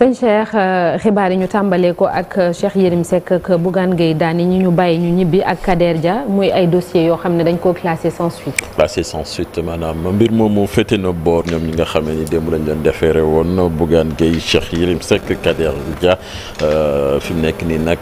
sëñ Cheikh euh, xibaar yi ñu tàmbalee ko ak euh, Cheikh Yérim Seck ak euh, Bougane Gueye Dany ñi ñu bàyyi ñu ñibbi ak Kader ja muy ay dossiers yoo xam ne dañ koo classé sans suite. classé sans suite maanaam mbir moomu féete na boor ñoom ñi nga xam ne ni démb lañ leen defeere woon Bougane Gueye Cheikh Yérim Seck Kader Dia fi mu nekk nii nag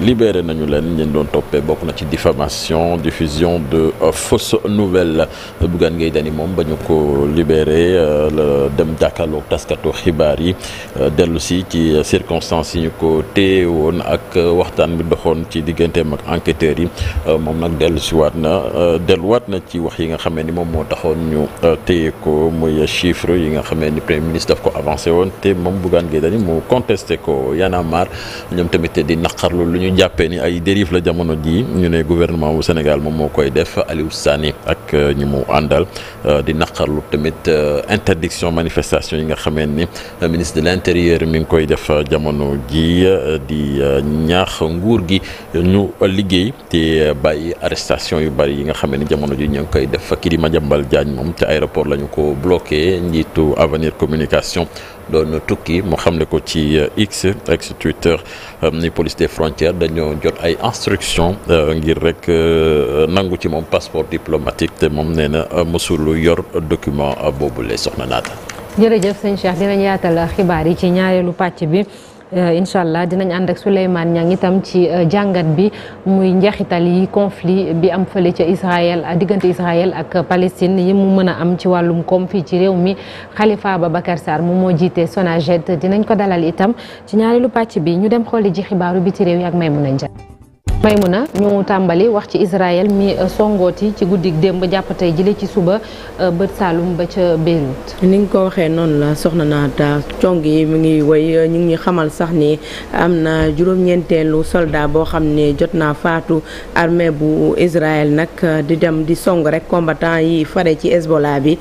libéré nañu leen ñeen doon toppee bokk na ci diffamation diffusion de fausse nouvelle Bougane Gueye Dany moom ba ñu ko libéré la dem jàkkaarloog taskatu xibaar yi. Euh, dellu si ci circonstances yi ñu ko téye woon ak euh, waxtaan bi doxoon ci digganteem ak enquêteurs yi euh, moom nag dellu si waat na delluwaat na ci wax yi nga xamee ni moom moo taxoon ñu téye ko muy chiffre yi nga xamee ni premier ministre daf ko avancé woon te moom Bougane Gueye Dany mu contesté ko Y'en a ñoom tamit di naqarlu lu ñu jàppee ni ay dérive la jamono jii ñu ne gouvernement bu Sénégal moom moo koy def Aliou Sané ak ñi mu àndal di naqarlu tamit interdiction manifestation yi nga xamee intérieur mi ngi koy def euh, jamono ji euh, di euh, ñaax nguur gi ñu liggéey te bàyyi arrestation yu bari yi nga xam ne jamono ji ñu ngi koy def kii di Madiambal Diagne moom te aéroport la ñu ko bloqué njiitu avenir communication doon tukki moo xam ne ko ci X ex Twitter ni police des frontières dañoo jot ay instructions ngir rek nangu ci moom passeport diplomatique te moom nee na mësul yor document boobule soxna naata jërëjëf sëñ Cheikh dinañ yaatal xibaar yi ci ñaareelu pàcc bi euh, incha allah dinañ ànd ak Souleymane Niang itam ci euh, jàngat bi muy njeexital yi conflit bi am fële ca Israël diggante Israël ak Palestine yi mu mën a am ci wàllum koom fii ci réew mi Khalifa Ababacar Sarr moom moo jiite Sonaged dinañ ko dalal itam ci ñaareelu pàcc bi ñu dem xooli ji xibaaru bi ci réew yi ak Maimouna Ndiaye Maymuna ñu tàmbali wax ci Israël mi euh, songooti ci guddik démb jàpp tey jële ci suba euh, bët Saalum ba ca Beyrouth. ni nga ko waxee noonu la soxna naata cong yi mu ngi woy euh, ñu ngi xamal sax ni am na juróom-ñeenteelu soldat boo xam ne jot naa faatu armée bu Israël nag di dem di song rek combattant yi fare ci Hezbollah bi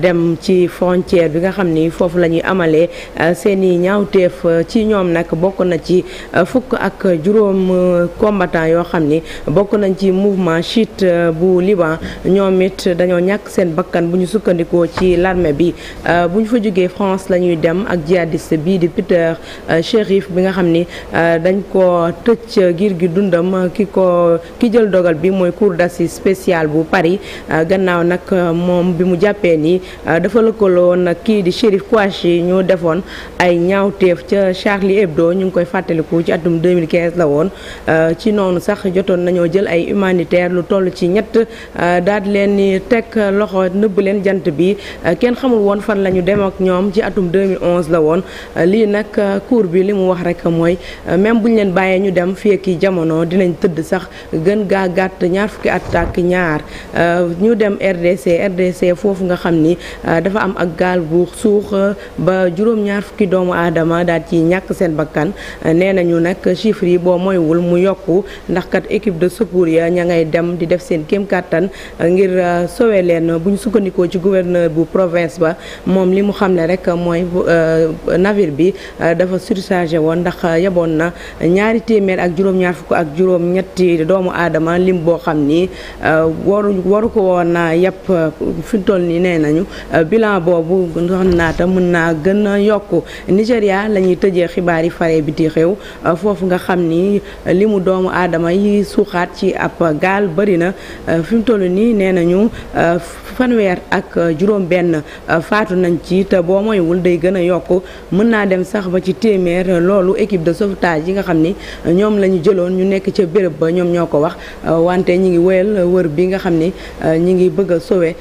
dem ci frontière bi nga xam ni foofu la ñuy amalee seen i ñaawteef ci ñoom nag bokk na ci fukk ak juróom combattant combattant yoo xam ni bokk nañ ci mouvement chiite euh, bu Liban ñoom it dañoo ñàkk seen bakkan bu ñu sukkandikoo ci l'armée bi euh, bu ñu fa jógee France la ñuy dem ak djihadiste bii di Peter euh, Cherif bi nga xam ni dañ ko tëj giir gi dundam ki ko ki jël dogal bi mooy cour d'assises spéciale bu Paris gannaaw nag moom bi mu jàppee ni dafa lëkkaloo nag kii di Chérif Kouachi ñoo defoon ay ñaawteef ca Charlie Hebdo ñu ngi koy fàttaliku ci atum 2015 la woon ci noonu sax jotoon nañoo jël ay humanitaire lu toll ci ñett euh, daal di leen ni teg loxo nëbb leen jant bi euh, kenn xamul woon fan la ñu dem ak ñoom ci atum 2011 la woon euh, lii nag cour bi li mu wax rek mooy même buñ leen bàyyee ñu dem fii ak jamono dinañ tëdd sax gën gaa gàtt ñaar fukki at ak ñaar ñu dem RDC RDC foofu nga xam ni dafa am ak gaal bu suux ba juróom-ñaar fukki doomu aadama daal ci ñàkk seen bakkan nee nañu nag chiffres boo moywul mu yokku ndax kat équipe de secours ya ña ngay dem di def seen kéem kàttan euh, ngir euh, sowe leen bu ñu sukkandikoo ci gouverneur bu province ba moom li mu xam ne rek mooy euh, navire bi dafa surchargé woon ndax yeboon na ñaari téeméer ak juróom-ñaar fukk ak juróom-ñetti doomu aadama lim boo xam ni waru waru ko woon yàpp fi toll nii nee nañu billan boobu xam naata tam mën naa gën a yokk Nigéria lañuy tëjee xibaar yi fare di xew foofu nga xam ni limu doomu aadama yi suuxaat ci ab gaal bëri na euh, fi mu toll nii nee nañu euh, fanweer ak euh, juróom benn faatu nañ ci te boo moywul day gën a yokk mën naa dem sax ba ci téeméer loolu équipe de sauvetage yi nga xam ni ñoom la ñu jëloon ñu nekk ca béréb ba ñoom ñoo ko wax wante ñi ngi woyal wër bi nga xam ni ñi ngi bëgg a sowe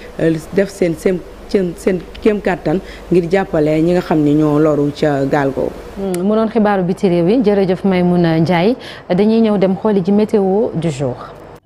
def seen sem seen seen kéem kàttan ngir jàppale ñi nga xam ni ñoo loru ca gaal googu. Hmm, mu doon xibaaru biti réew yi jërëjëf Maymouna Ndiaye dañuy ñëw dem xooli ji météo du jour.